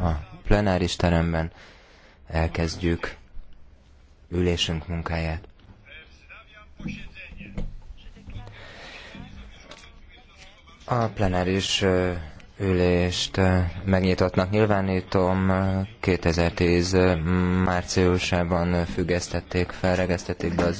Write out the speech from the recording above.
a plenáris teremben elkezdjük ülésünk munkáját. A plenáris ülést megnyitottnak nyilvánítom. 2010 márciusában függesztették fel, regesztették be az